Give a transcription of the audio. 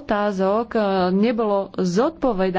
otázok e, nebolo zodpovedaných